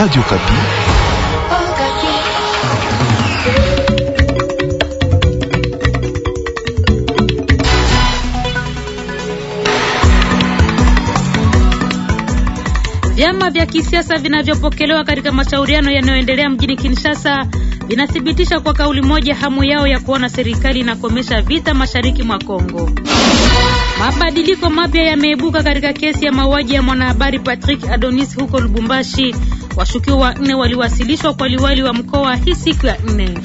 Radio Kapi. Vyama vya kisiasa vinavyopokelewa katika mashauriano yanayoendelea mjini Kinshasa vinathibitisha kwa kauli moja hamu yao ya kuona serikali inakomesha vita mashariki mwa Kongo. Mabadiliko mapya yameibuka katika kesi ya mauaji ya mwanahabari Patrick Adonis huko Lubumbashi Washukiwa wanne waliwasilishwa kwa liwali wa mkoa hii siku ya nne.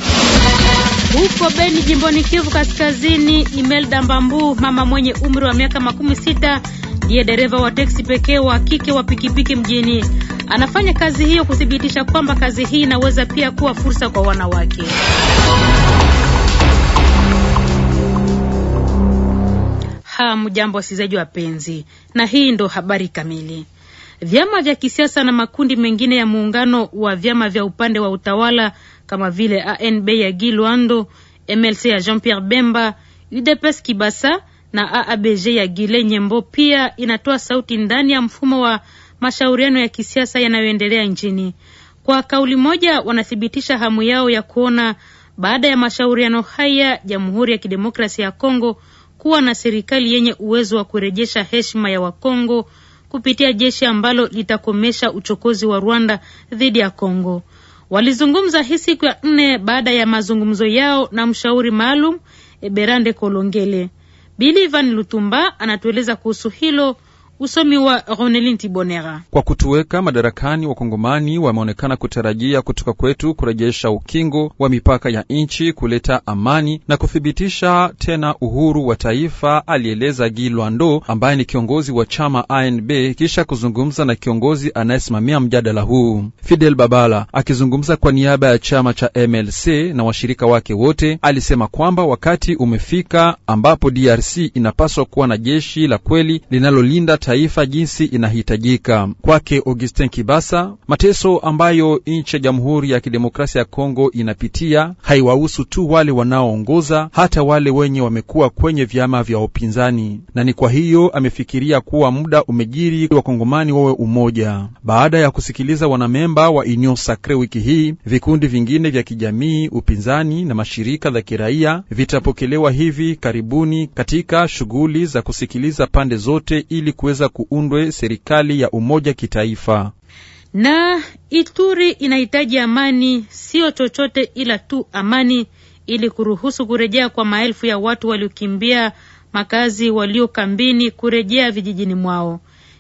Huko Beni jimboni Kivu Kaskazini, Imelda Mbambu, mama mwenye umri wa miaka makumi sita, ndiye dereva wa teksi pekee wa kike wa pikipiki mjini. Anafanya kazi hiyo kuthibitisha kwamba kazi hii inaweza pia kuwa fursa kwa wanawake. Hamjambo wasikilizaji wapenzi, na hii ndo habari kamili vyama vya kisiasa na makundi mengine ya muungano wa vyama vya upande wa utawala kama vile ANB ya Guy Luando, MLC ya Jean-Pierre Bemba, UDPS Kibasa na AABG ya Gile Nyembo pia inatoa sauti ndani ya mfumo wa mashauriano ya kisiasa yanayoendelea nchini. Kwa kauli moja, wanathibitisha hamu yao ya kuona baada ya mashauriano haya Jamhuri ya Kidemokrasia ya Kongo kuwa na serikali yenye uwezo wa kurejesha heshima ya Wakongo kupitia jeshi ambalo litakomesha uchokozi wa Rwanda dhidi ya Kongo. Walizungumza hii siku ya nne baada ya mazungumzo yao na mshauri maalum Eberande Kolongele. Bili Van Lutumba anatueleza kuhusu hilo Usomi wa Ronelin Tibonera. Kwa kutuweka madarakani, wakongomani wameonekana kutarajia kutoka kwetu kurejesha ukingo wa mipaka ya nchi, kuleta amani na kuthibitisha tena uhuru wa taifa, alieleza Gilwando ambaye ni kiongozi wa chama ANB kisha kuzungumza na kiongozi anayesimamia mjadala huu. Fidel Babala akizungumza kwa niaba ya chama cha MLC na washirika wake wote, alisema kwamba wakati umefika ambapo DRC inapaswa kuwa na jeshi la kweli linalolinda taifa jinsi inahitajika. Kwake Augustin Kibasa, mateso ambayo nchi ya Jamhuri ya Kidemokrasia ya Kongo inapitia haiwahusu tu wale wanaoongoza, hata wale wenye wamekuwa kwenye vyama vya upinzani, na ni kwa hiyo amefikiria kuwa muda umejiri wakongomani wawe umoja. Baada ya kusikiliza wanamemba wa Union Sacre wiki hii, vikundi vingine vya kijamii, upinzani na mashirika za kiraia vitapokelewa hivi karibuni katika shughuli za kusikiliza pande zote ili kuweza kuweza kuundwe serikali ya umoja kitaifa. Na Ituri inahitaji amani, siyo chochote ila tu amani, ili kuruhusu kurejea kwa maelfu ya watu waliokimbia makazi, walio kambini, kurejea vijijini mwao.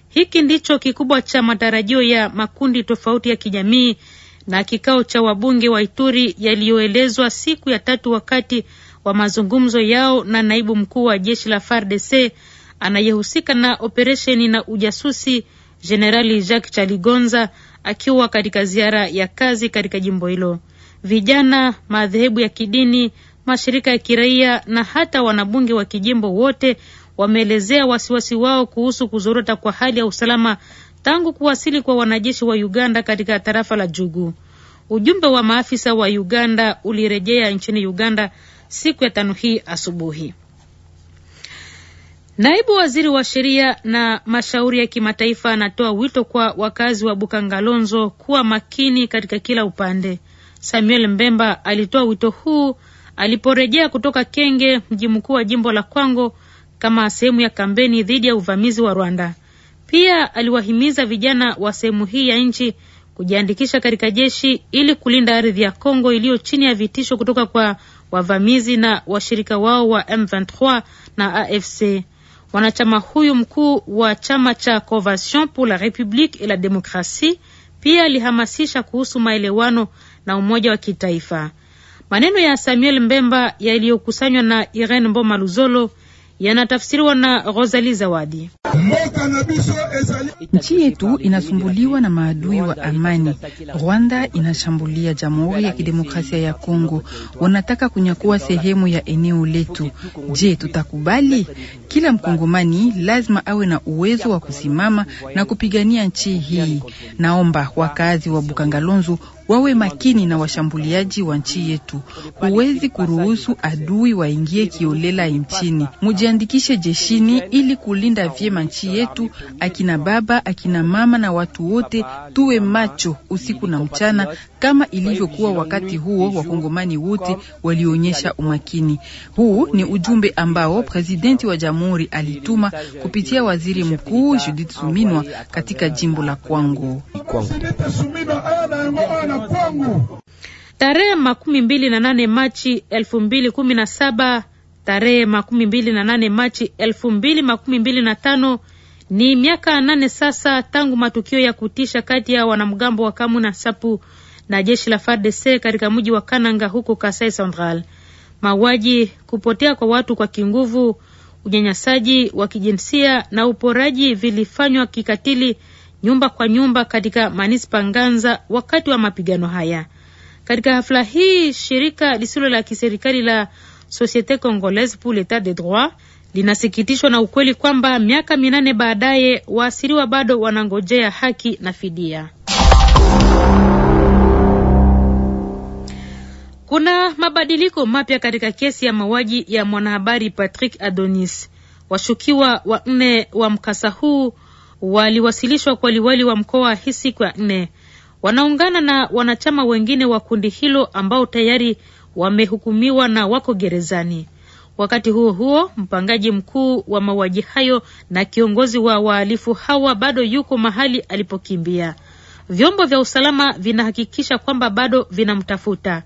Hiki ndicho kikubwa cha matarajio ya makundi tofauti ya kijamii na kikao cha wabunge wa Ituri yaliyoelezwa siku ya tatu wakati wa mazungumzo yao na naibu mkuu wa jeshi la FARDC anayehusika na operesheni na ujasusi Jenerali Jacques Chaligonza akiwa katika ziara ya kazi katika jimbo hilo. Vijana, madhehebu ya kidini, mashirika ya kiraia na hata wanabunge wa kijimbo wote wameelezea wasiwasi wao kuhusu kuzorota kwa hali ya usalama tangu kuwasili kwa wanajeshi wa Uganda katika tarafa la Jugu. Ujumbe wa maafisa wa Uganda ulirejea nchini Uganda siku ya tano hii asubuhi. Naibu waziri wa sheria na mashauri ya kimataifa anatoa wito kwa wakazi wa Bukangalonzo kuwa makini katika kila upande. Samuel Mbemba alitoa wito huu aliporejea kutoka Kenge, mji mkuu wa jimbo la Kwango, kama sehemu ya kampeni dhidi ya uvamizi wa Rwanda. Pia aliwahimiza vijana wa sehemu hii ya nchi kujiandikisha katika jeshi ili kulinda ardhi ya Kongo iliyo chini ya vitisho kutoka kwa wavamizi na washirika wao wa M23 na AFC. Mwanachama huyu mkuu wa chama cha Convention pour la Republique et la Democratie pia alihamasisha kuhusu maelewano na umoja wa kitaifa. Maneno ya Samuel Mbemba yaliyokusanywa na Irene Mboma Luzolo yanatafsiriwa na Rosali Zawadi. Nchi yetu inasumbuliwa na maadui wa amani. Rwanda inashambulia Jamhuri ya Kidemokrasia ya Kongo, wanataka kunyakua sehemu ya eneo letu. Je, tutakubali? Kila Mkongomani lazima awe na uwezo wa kusimama na kupigania nchi hii. Naomba wakazi wa Bukangalonzo wawe makini na washambuliaji wa nchi yetu. Huwezi kuruhusu adui waingie kiolela nchini Muje tujiandikishe jeshini ili kulinda vyema nchi yetu, akina baba, akina mama na watu wote, tuwe macho usiku na mchana, kama ilivyokuwa wakati huo wakongomani wote walionyesha umakini. Huu ni ujumbe ambao presidenti wa jamhuri alituma kupitia waziri mkuu Judith Suminwa katika jimbo la kwangu Tarehe makumi mbili na nane Machi elfu mbili kumi na saba tarehe makumi mbili na nane Machi elfu mbili makumi mbili na tano. Ni miaka nane sasa tangu matukio ya kutisha kati ya wanamgambo wa Kamu na Sapu na jeshi la FARDC katika mji wa Kananga huko Kasai Central. Mauaji, kupotea kwa watu kwa kinguvu, unyanyasaji wa kijinsia na uporaji vilifanywa kikatili nyumba kwa nyumba katika manispa Nganza wakati wa mapigano haya. Katika hafla hii shirika lisilo la kiserikali la Société Congolaise pour l'Etat de Droit linasikitishwa na ukweli kwamba miaka minane baadaye waasiriwa bado wanangojea haki na fidia. Kuna mabadiliko mapya katika kesi ya mauaji ya mwanahabari Patrick Adonis. Washukiwa wanne wa mkasa huu waliwasilishwa kwa liwali wa mkoa hii siku ya nne. Wanaungana na wanachama wengine wa kundi hilo ambao tayari wamehukumiwa na wako gerezani. Wakati huo huo, mpangaji mkuu wa mauaji hayo na kiongozi wa wahalifu hawa bado yuko mahali alipokimbia. Vyombo vya usalama vinahakikisha kwamba bado vinamtafuta.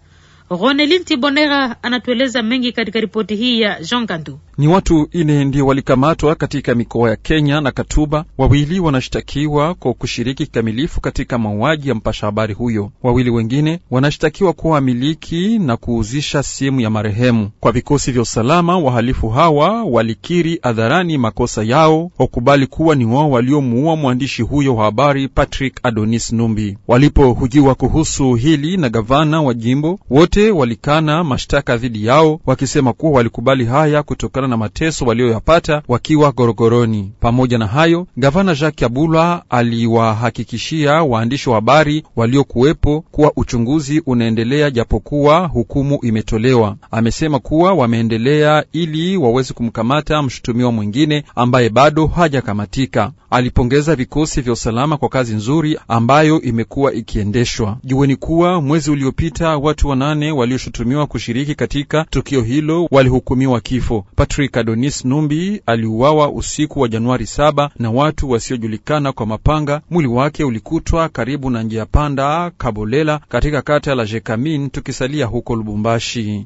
Ronelin Tibonera anatueleza mengi katika ripoti hii ya Jean Gandu. Ni watu ine ndio walikamatwa katika mikoa ya Kenya na Katuba. Wawili wanashtakiwa kwa kushiriki kikamilifu katika mauaji ya mpasha habari huyo. Wawili wengine wanashtakiwa kuwa wamiliki na kuuzisha simu ya marehemu kwa vikosi vya usalama. Wahalifu hawa walikiri hadharani makosa yao, wakubali kuwa ni wao waliomuua mwandishi huyo wa habari Patrick Adonis Numbi. Walipohujiwa kuhusu hili na gavana wa jimbo, wote walikana mashtaka dhidi yao, wakisema kuwa walikubali haya kutokana na mateso walioyapata wakiwa gorogoroni. Pamoja na hayo, gavana Jacques Abula aliwahakikishia waandishi wa habari waliokuwepo kuwa uchunguzi unaendelea japokuwa hukumu imetolewa. Amesema kuwa wameendelea ili waweze kumkamata mshutumiwa mwingine ambaye bado hajakamatika. Alipongeza vikosi vya usalama kwa kazi nzuri ambayo imekuwa ikiendeshwa. Jueni kuwa mwezi uliopita watu wanane walioshutumiwa kushiriki katika tukio hilo walihukumiwa kifo Patri Afrika Donis Numbi aliuawa usiku wa Januari 7 na watu wasiojulikana kwa mapanga. Mwili wake ulikutwa karibu na njia panda Kabolela katika kata la Jekamin. Tukisalia huko Lubumbashi,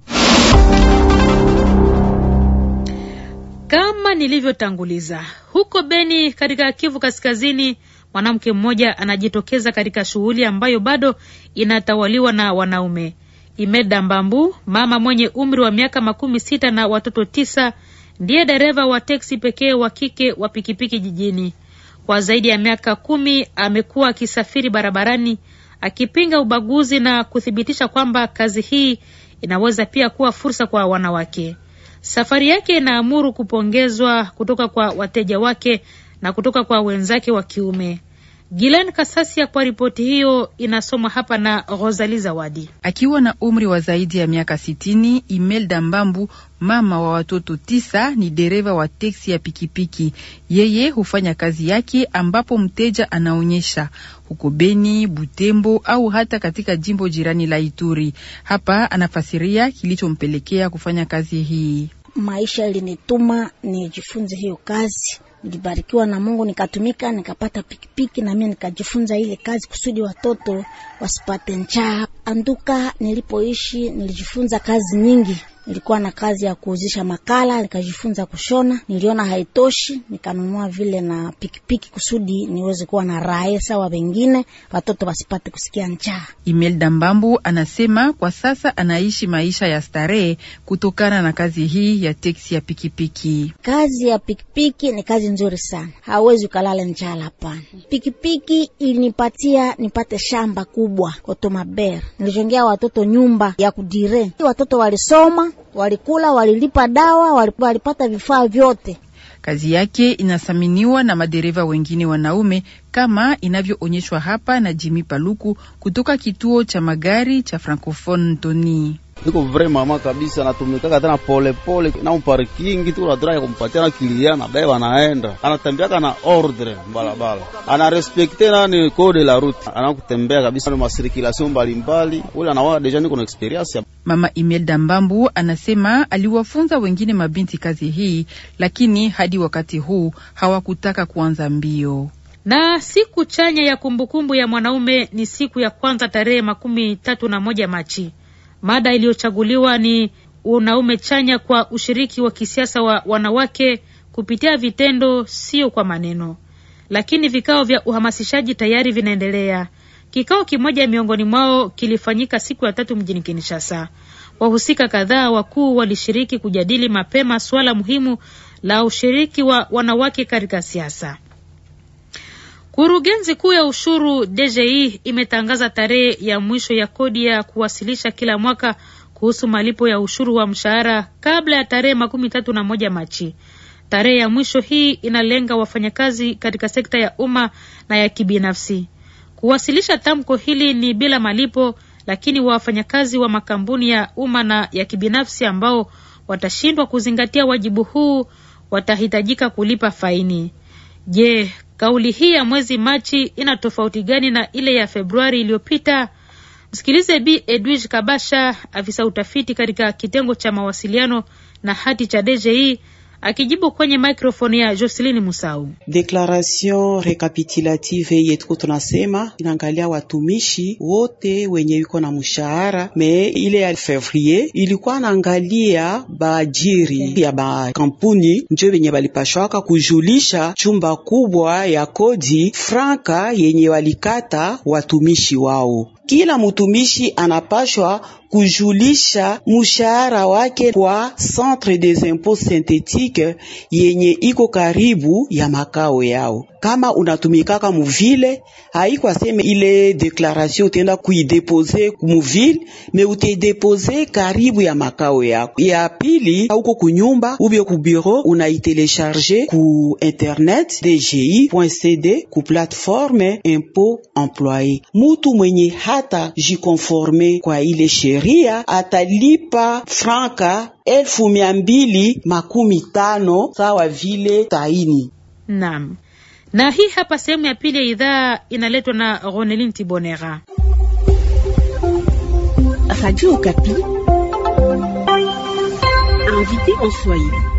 kama nilivyotanguliza huko Beni katika Kivu Kaskazini, mwanamke mmoja anajitokeza katika shughuli ambayo bado inatawaliwa na wanaume. Imeda Mbambu, mama mwenye umri wa miaka makumi sita na watoto tisa, ndiye dereva wa teksi pekee wa kike wa pikipiki jijini. Kwa zaidi ya miaka kumi amekuwa akisafiri barabarani akipinga ubaguzi na kuthibitisha kwamba kazi hii inaweza pia kuwa fursa kwa wanawake. Safari yake inaamuru kupongezwa kutoka kwa wateja wake na kutoka kwa wenzake wa kiume. Gilen Kasasia kwa ripoti hiyo inasomwa hapa na Rosali Zawadi. Akiwa na umri wa zaidi ya miaka sitini, Imelda Mbambu, mama wa watoto tisa, ni dereva wa teksi ya pikipiki. Yeye hufanya kazi yake ambapo mteja anaonyesha huko Beni, Butembo au hata katika jimbo jirani la Ituri. Hapa anafasiria kilichompelekea kufanya kazi hii. Maisha ilinituma nijifunze hiyo kazi nilibarikiwa na Mungu nikatumika nikapata pikipiki na mimi nikajifunza ile kazi kusudi watoto wasipate njaa. Anduka nilipoishi nilijifunza kazi nyingi Nilikuwa na kazi ya kuuzisha makala, nikajifunza kushona. Niliona haitoshi, nikanunua vile na pikipiki kusudi niweze kuwa na raha sawa, wengine watoto wasipate kusikia njaa. Imelda Mbambu anasema kwa sasa anaishi maisha ya starehe kutokana na kazi hii ya teksi ya pikipiki. Kazi ya pikipiki ni kazi nzuri sana, hauwezi ukalala njaa, hapana. Pikipiki ilinipatia nipate shamba kubwa Kotomaber, nilijengea watoto nyumba ya kudire, watoto walisoma walikula, walilipa dawa, walipata vifaa vyote. Kazi yake inathaminiwa na madereva wengine wanaume kama inavyoonyeshwa hapa na Jimi Paluku kutoka kituo cha magari cha Francophone Ntoni. Niko vraiment mama kabisa natumikaka tena pole pole na parking tu na drive kumpatia na kilia na bae wanaenda Anatembeaka na ordre mbalabala. Ana respecte nani code la route. Anakutembea kabisa na masirculation mbalimbali. Ule anawa deja niko na experience. Mama Imelda Mbambu anasema aliwafunza wengine mabinti kazi hii lakini hadi wakati huu hawakutaka kuanza mbio na siku chanya ya kumbukumbu ya mwanaume ni siku ya kwanza tarehe makumi tatu na moja Machi. Mada iliyochaguliwa ni unaume chanya kwa ushiriki wa kisiasa wa wanawake kupitia vitendo, sio kwa maneno. Lakini vikao vya uhamasishaji tayari vinaendelea. Kikao kimoja miongoni mwao kilifanyika siku ya tatu mjini Kinshasa. Wahusika kadhaa wakuu walishiriki kujadili mapema suala muhimu la ushiriki wa wanawake katika siasa. Kurugenzi kuu ya ushuru DGI imetangaza tarehe ya mwisho ya kodi ya kuwasilisha kila mwaka kuhusu malipo ya ushuru wa mshahara kabla ya tarehe makumi tatu na moja Machi. Tarehe ya mwisho hii inalenga wafanyakazi katika sekta ya umma na ya kibinafsi. Kuwasilisha tamko hili ni bila malipo, lakini wafanyakazi wa makampuni ya umma na ya kibinafsi ambao watashindwa kuzingatia wajibu huu watahitajika kulipa faini. Je, Kauli hii ya mwezi Machi ina tofauti gani na ile ya Februari iliyopita? Msikilize Bi Edwige Kabasha, afisa utafiti katika kitengo cha mawasiliano na hati cha DGI akijibu kwenye mikrofoni ya Jocelyn Musau. Deklaration rekapitulative yetu tunasema inaangalia watumishi wote wenye yuko na mshahara, me ile ya fevrier ilikuwa naangalia baajiri ya bakampuni njo benye balipashwaka kujulisha chumba kubwa ya kodi franka yenye walikata watumishi wao kila mutumishi anapashwa kujulisha mushahara wake kwa Centre des Impôts Synthétiques yenye iko karibu ya makao yao kama unatumikaka muvile haikwa seme ile deklarasyon utenda kuidepoze kumuvile me utedepose karibu ya makao yako. Ya pili auko kunyumba ubie ku bureau, unaitelesharge ku internet dgi.cd ku plateforme impo employe. Mutu mwenye hata jikonforme kwa ile sheria atalipa franka elfu mia mbili makumi tano sawa vile taini. Naam na hii hapa sehemu ya pili ya idhaa inaletwa na Ronelin Tibonera. Radio Okapi invité en Swahili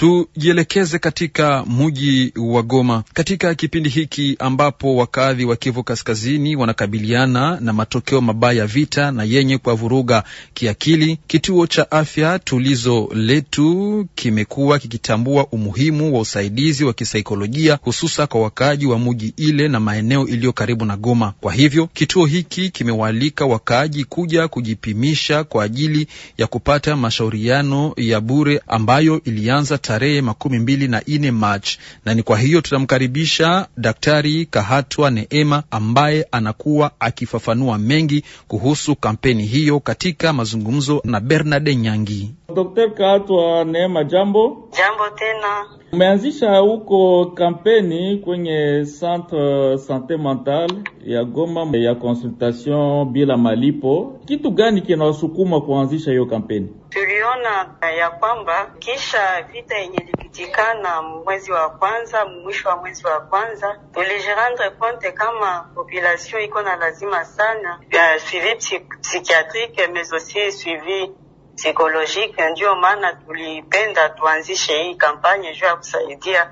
Tujielekeze katika mji wa Goma katika kipindi hiki ambapo wakazi wa Kivu Kaskazini wanakabiliana na matokeo mabaya ya vita na yenye kwa vuruga kiakili. Kituo cha afya Tulizo Letu kimekuwa kikitambua umuhimu wa usaidizi wa kisaikolojia, hususa kwa wakaaji wa mji ile na maeneo iliyo karibu na Goma. Kwa hivyo kituo hiki kimewaalika wakaaji kuja kujipimisha kwa ajili ya kupata mashauriano ya bure ambayo ilianza tarehe makumi mbili na nne Machi, na ni kwa hiyo tutamkaribisha Daktari Kahatwa Neema ambaye anakuwa akifafanua mengi kuhusu kampeni hiyo katika mazungumzo na Bernard Nyangi. Daktari Kahatwa Neema, jambo. Jambo tena. Umeanzisha huko kampeni kwenye centre sante mentale ya Goma ya consultation bila malipo. Kitu gani kinawasukuma kuanzisha hiyo kampeni? tuliona ya kwamba kisha vita yenye lipitikana mwezi wa kwanza, mwisho wa mwezi wa kwanza, tulijirendre compte kama population iko na lazima sana ya suivi psychiatrique mais aussi suivi psychologique. Ndio maana tulipenda tuanzishe hii kampanye juu ya kusaidia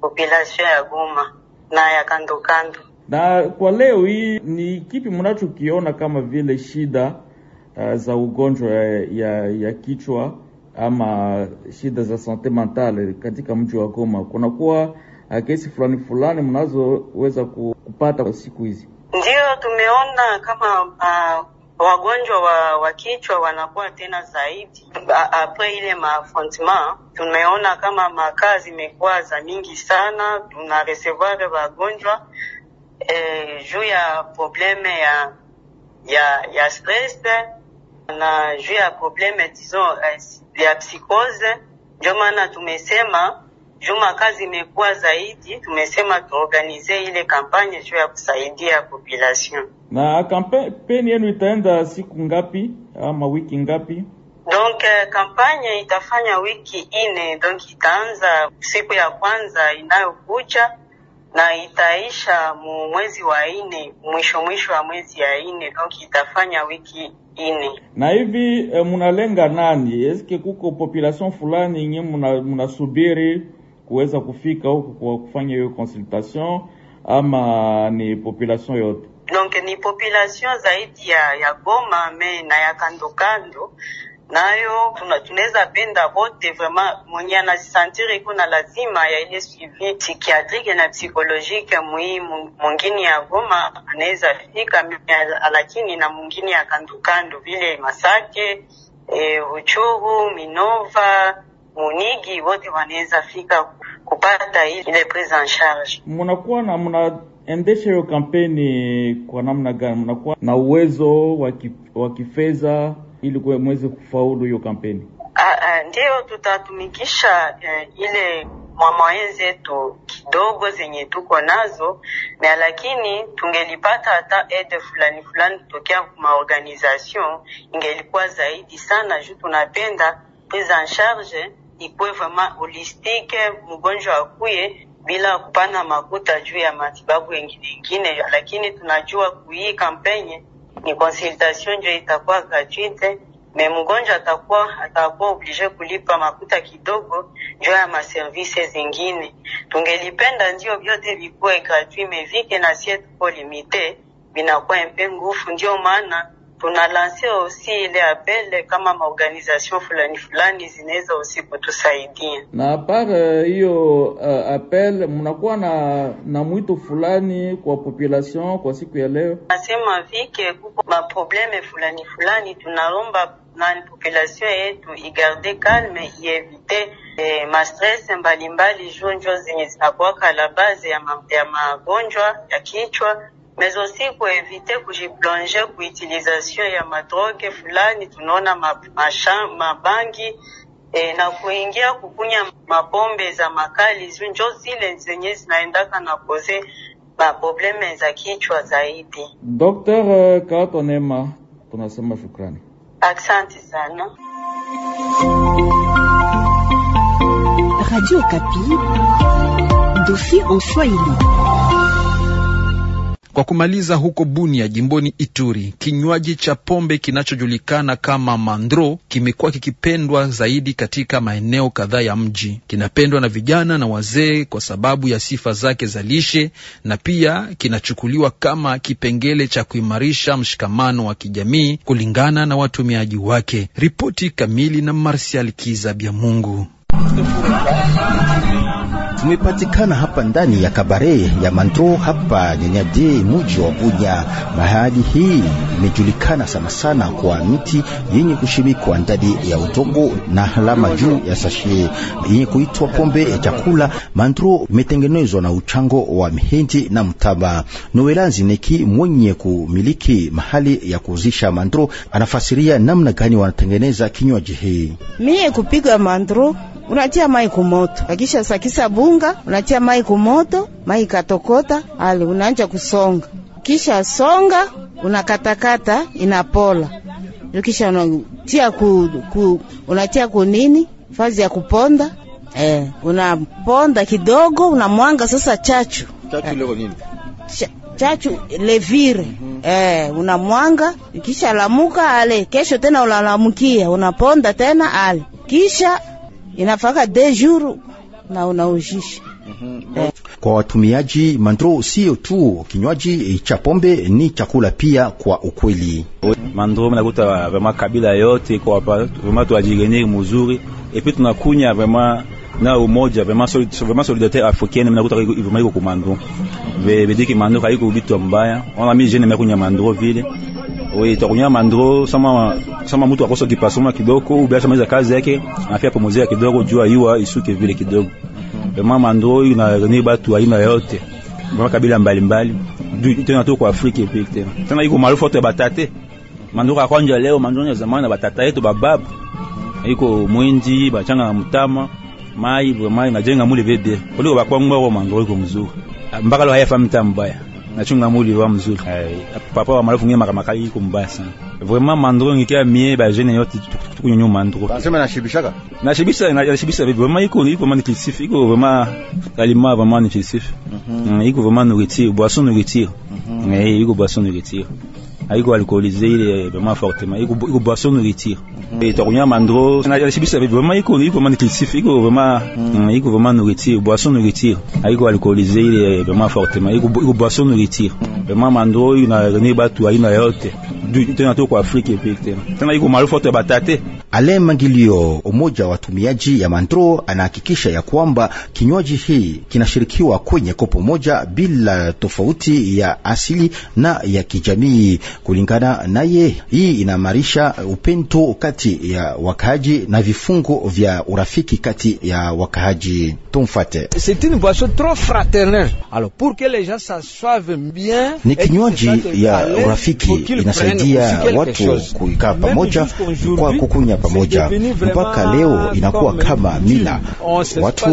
population ya Goma na ya kandokando. Na kwa leo hii, ni kipi mnachokiona kama vile shida Eh, za ugonjwa ya, ya kichwa ama shida za sante mentale katika mji wa Goma, kunakuwa uh, kesi fulani fulani mnazoweza kupata siku hizi? Ndio tumeona kama uh, wagonjwa wa, wa kichwa wanakuwa tena zaidi apre ile maafrontima. Tumeona kama makazi imekuwa za mingi sana, tunaresevare wagonjwa eh, juu ya probleme ya ya ya stress na juu ya probleme tizo euh, ya psikose. Ndio maana tumesema juma kazi imekuwa zaidi, tumesema tuorganize ile kampanye juu ya kusaidia population. Na kampeni yenu itaenda siku ngapi ama wiki ngapi? Donc kampanye euh, itafanya wiki ine, donc itaanza siku ya kwanza inayokuja na itaisha mu mwezi wa ine, mwisho mwisho wa mwezi ya ine, donc itafanya wiki ine. Na hivi e, munalenga nani? Eske kuko population fulani nye mnasubiri muna kuweza kufika huko kwa kufanya hiyo consultation ama ni population yote? Donc ni population zaidi ya ya Goma me na ya kando kando nayo tunaweza penda bote vraiment mwenye anasantiri kuna lazima ya ile suivi psikiatrike na psikolojike muhimu. Mwingine ya Goma anaweza fika, lakini na mwingine ya kandukandu vile Masake, e, Uchuru, Minova, Munigi, wote wanaweza fika kupata ile prise en charge. Mnakuwa na mnaendesha hiyo kampeni kwa namna gani? Mnakuwa na uwezo wa kifedha ili mweze kufaulu hiyo kampeni? Ah, ah, Ndiyo, tutatumikisha uh, ile mwamwaye zetu kidogo zenye tuko nazo na lakini, tungelipata hata aide fulani fulani kutokea maorganization ingelikuwa zaidi sana, juu tunapenda prise en charge ikuwe vraiment holistique, mgonjwa akuye bila kupana makuta juu ya matibabu yengine yengine, lakini tunajua kuii kampeni ni consultation ndio itakuwa gratuite, me mgonjwa atakuwa atakuwa oblige kulipa makuta kidogo ndio ya maservice zingine. Tungelipenda ndio vyote vikuwe gratuit, mevike na sie tuko limite, binakuwa mpe ngufu, ndio maana tunalansia osi ile apele kama maorganization fulani fulani zinaweza osi kutusaidia. Na apart euh, hiyo uh, apel, mnakuwa na na mwito fulani kwa population kwa siku ya leo? Nasema vike kuko maprobleme fulani fulani, tunaomba nani population yetu igarde calme, ievite eh, mastress mbalimbali, jonjo zenye zinakuwaka la base ya magonjwa ya kichwa mais aussi kuevite kujiplonge kuutilization ya madroge fulani, tunaona mabangi e, na kuingia kukunya mapombe za makali zu njo zile zenye zinaendaka na koze maprobleme za kichwa zaidi. Dr. Euh, Katonema, tunasema shukrani, asante sana. Radio Kapi, dossier en Swahili. Kwa kumaliza, huko Bunia jimboni Ituri, kinywaji cha pombe kinachojulikana kama mandro kimekuwa kikipendwa zaidi katika maeneo kadhaa ya mji. Kinapendwa na vijana na wazee kwa sababu ya sifa zake za lishe, na pia kinachukuliwa kama kipengele cha kuimarisha mshikamano wa kijamii kulingana na watumiaji wake. Ripoti kamili na Marsial Kiza Bya Mungu. Tumepatikana hapa ndani ya kabare ya Mandro hapa nyenyadi muji wa Bunya. Mahali hii imejulikana sana sana kwa miti yenye kushimikwa ndani ya udongo na alama juu ya sashe yenye kuitwa pombe ya chakula. Mandro imetengenezwa na uchango wa mihindi na mtaba. Noelanzi Zineki mwenye kumiliki mahali ya kuuzisha mandro anafasiria namna gani wanatengeneza kinywaji hii. Mie kupiga mandro unatia mai kumoto, akisha sakisa bunga, unatia mai kumoto, mai katokota ali, unaanja kusonga, kisha songa, unakatakata inapola, ukisha unatia ku, ku, unatia kunini fazi ya kuponda eh, unaponda kidogo, unamwanga sasa chachu chachu, leo nini Ch chachu levire mm -hmm. Eh, unamwanga kisha lamuka ale, kesho tena unalamukia, unaponda tena ale kisha inafaka de jour na unaujisha mm -hmm. eh. Kwa watumiaji mandro sio tu kinywaji eh, cha pombe, ni chakula pia. Kwa ukweli mandro mnakuta vema kabila yote kwa hapa, vraiment tuajigenye muzuri epi tunakunya vema na umoja vema solidarite africaine mnakuta vema iko kumandro vediki mandro kaiko bitu mbaya ona mi jeune mekunya mandro vile we itakunyama mandro sama sama mtu akoso kipasoma kidogo, ubiasha maliza kazi yake anafia pomozea kidogo, jua hiyo isuke vile kidogo. Mama mandro ina ni batu aina yote makabila mbalimbali tena tu kwa Afrika pia tena tena iko maarufu watu batate mandro kwa kwanja leo mandro ya zamani na batata yetu bababu iko mwinji bachanga na mtama mai mai na mule bebe kuliko bakwangwa kwa mandro iko mzuri mpaka leo hayafahamu tambaya nachunga muli wa mzuri eh. papa wa malafu ngema kama kali iko mbaya sana vraiment mandro ngikia mie ba jeune yote tukunyonyo mandro nasema nashibishaka nashibisha nashibisha bibi vraiment iko iko man kilsif iko vraiment alima vraiment kilsif mhm. mm, iko vraiment nourriture boisson nourriture mhm. eh, iko boisson nourriture aiko alcoolize ile vraiment fortement iko iko boisson nourriture et takunya mandro na ya sibisa vraiment iko iko man clitif iko vraiment mm. iko vraiment nourriture boisson nourriture aiko alcoolize ile vraiment fortement iko iko boisson nourriture mm. vraiment mandro ina ne batu aina yote tena tu kwa Afrika pekee, tena iko maarufu watu ya batate. Alain Mangilio, umoja wa watumiaji ya Mandro, anahakikisha ya kwamba kinywaji hii kinashirikiwa kwenye kopo moja bila tofauti ya asili na ya kijamii. Kulingana naye, hii inamarisha upendo kati ya wakaaji na vifungo vya urafiki kati ya wakaaji. Tumfate. C'est une boisson trop fraternelle. Alors pour que les gens s'assoivent bien. ni kinywaji ya urafiki inasaidia kusaidia watu kuikaa pamoja kwa kukunya pamoja. Mpaka leo inakuwa kama mila, watu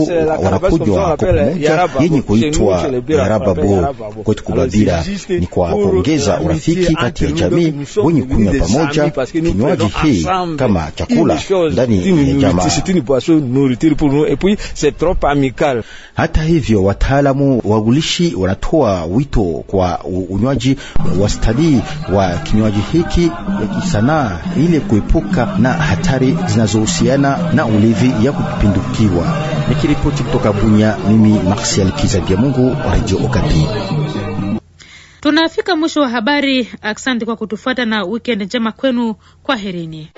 wanakunywa kwa pamoja yenye kuitwa yarababo kwetu kubabila, ni kwa kuongeza urafiki kati ya jamii wenye kunywa pamoja kinywaji hii kama chakula ndani ya jamaa. Hata hivyo, wataalamu wa ulishi wanatoa wito kwa unywaji wastani wa kinywaji kipaji hiki ya kisanaa ili kuepuka na hatari zinazohusiana na ulevi ya kupindukiwa. Nikiripoti kutoka Bunya, mimi Marsial Kizabia Mungu, Radio Okapi. Tunafika mwisho wa habari. Asante kwa kutufuata na wikendi njema kwenu. Kwaherini.